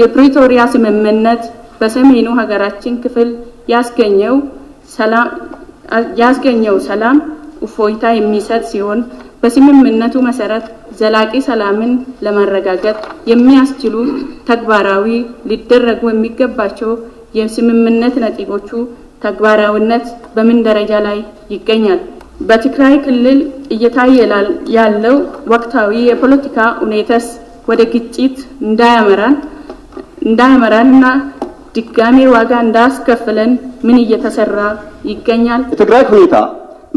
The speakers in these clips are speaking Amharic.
የፕሪቶሪያ ስምምነት በሰሜኑ ሀገራችን ክፍል ያስገኘው ሰላም እፎይታ የሚሰጥ ሲሆን በስምምነቱ መሰረት ዘላቂ ሰላምን ለማረጋገጥ የሚያስችሉ ተግባራዊ ሊደረጉ የሚገባቸው የስምምነት ነጥቦቹ ተግባራዊነት በምን ደረጃ ላይ ይገኛል? በትግራይ ክልል እየታየ ያለው ወቅታዊ የፖለቲካ ሁኔታስ ወደ ግጭት እንዳያመራን እንዳያመራንና ድጋሜ ዋጋ እንዳያስከፍለን ምን እየተሰራ ይገኛል? የትግራይ ሁኔታ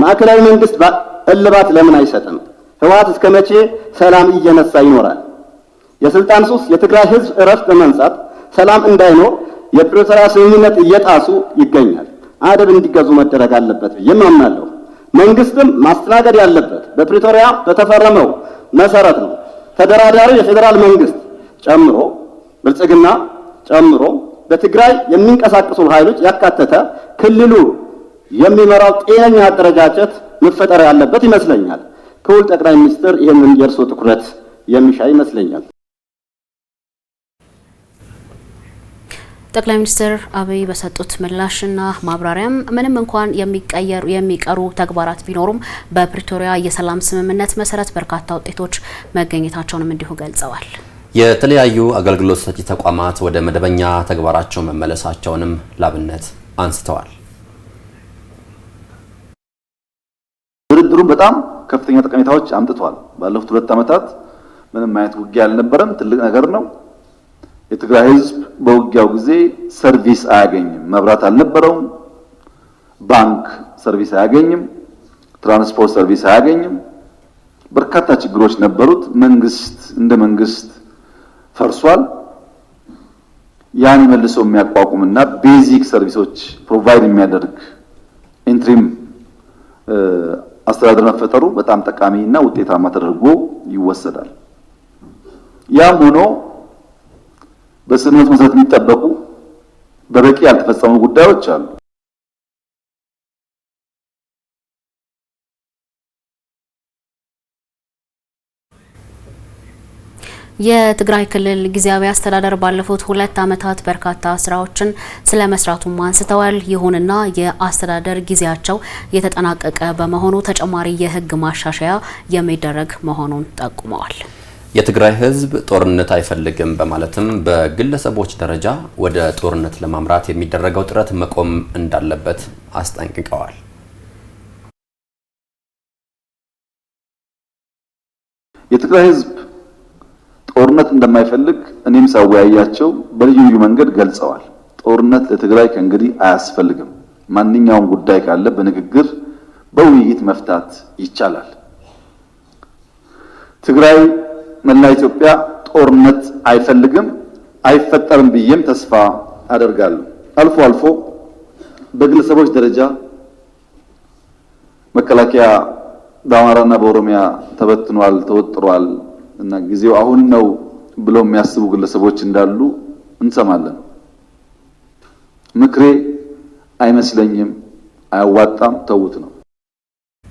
ማዕከላዊ መንግስት እልባት ለምን አይሰጥም? ህወሓት እስከ መቼ ሰላም እየነሳ ይኖራል? የስልጣን ሱስ የትግራይ ህዝብ እረፍት በመንሳት ሰላም እንዳይኖር የፕሪቶሪያ ስምምነት እየጣሱ ይገኛል። አደብ እንዲገዙ መደረግ አለበት ብዬ አምናለሁ። መንግስትም ማስተናገድ ያለበት በፕሪቶሪያ በተፈረመው መሰረት ነው። ተደራዳሪው የፌዴራል መንግስት ጨምሮ ብልጽግና ጨምሮ በትግራይ የሚንቀሳቀሱ ኃይሎች ያካተተ ክልሉ የሚመራው ጤነኛ አደረጃጀት መፈጠር ያለበት ይመስለኛል። ክቡር ጠቅላይ ሚኒስትር ይህንን የእርሶ ትኩረት የሚሻ ይመስለኛል። ጠቅላይ ሚኒስትር አብይ በሰጡት ምላሽና ማብራሪያም ምንም እንኳን የሚቀየሩ የሚቀሩ ተግባራት ቢኖሩም በፕሪቶሪያ የሰላም ስምምነት መሰረት በርካታ ውጤቶች መገኘታቸውንም እንዲሁ ገልጸዋል። የተለያዩ አገልግሎት ሰጪ ተቋማት ወደ መደበኛ ተግባራቸው መመለሳቸውንም ላብነት አንስተዋል። ድርድሩ በጣም ከፍተኛ ጠቀሜታዎች አምጥቷል። ባለፉት ሁለት ዓመታት ምንም አይነት ውጊያ አልነበረም። ትልቅ ነገር ነው። የትግራይ ሕዝብ በውጊያው ጊዜ ሰርቪስ አያገኝም። መብራት አልነበረውም። ባንክ ሰርቪስ አያገኝም። ትራንስፖርት ሰርቪስ አያገኝም። በርካታ ችግሮች ነበሩት። መንግስት እንደ መንግስት ፈርሷል። ያን መልሶ የሚያቋቁምና ቤዚክ ሰርቪሶች ፕሮቫይድ የሚያደርግ ኢንትሪም አስተዳደር መፈጠሩ በጣም ጠቃሚ እና ውጤታማ ተደርጎ ይወሰዳል። ያም ሆኖ በስነት መሰረት የሚጠበቁ በበቂ ያልተፈጸሙ ጉዳዮች አሉ። የትግራይ ክልል ጊዜያዊ አስተዳደር ባለፉት ሁለት ዓመታት በርካታ ስራዎችን ስለ መስራቱም አንስተዋል። ይሁንና የአስተዳደር ጊዜያቸው የተጠናቀቀ በመሆኑ ተጨማሪ የህግ ማሻሻያ የሚደረግ መሆኑን ጠቁመዋል። የትግራይ ህዝብ ጦርነት አይፈልግም በማለትም በግለሰቦች ደረጃ ወደ ጦርነት ለማምራት የሚደረገው ጥረት መቆም እንዳለበት አስጠንቅቀዋል። የትግራይ ህዝብ ጦርነት እንደማይፈልግ እኔም ሳወያያቸው በልዩ ልዩ መንገድ ገልጸዋል። ጦርነት ለትግራይ ከእንግዲህ አያስፈልግም። ማንኛውም ጉዳይ ካለ በንግግር በውይይት መፍታት ይቻላል። ትግራይ መላ ኢትዮጵያ ጦርነት አይፈልግም፣ አይፈጠርም ብዬም ተስፋ አደርጋለሁ። አልፎ አልፎ በግለሰቦች ደረጃ መከላከያ በአማራና በኦሮሚያ ተበትኗል፣ ተወጥሯል እና ጊዜው አሁን ነው ብለው የሚያስቡ ግለሰቦች እንዳሉ እንሰማለን። ምክሬ አይመስለኝም፣ አያዋጣም፣ ተዉት ነው።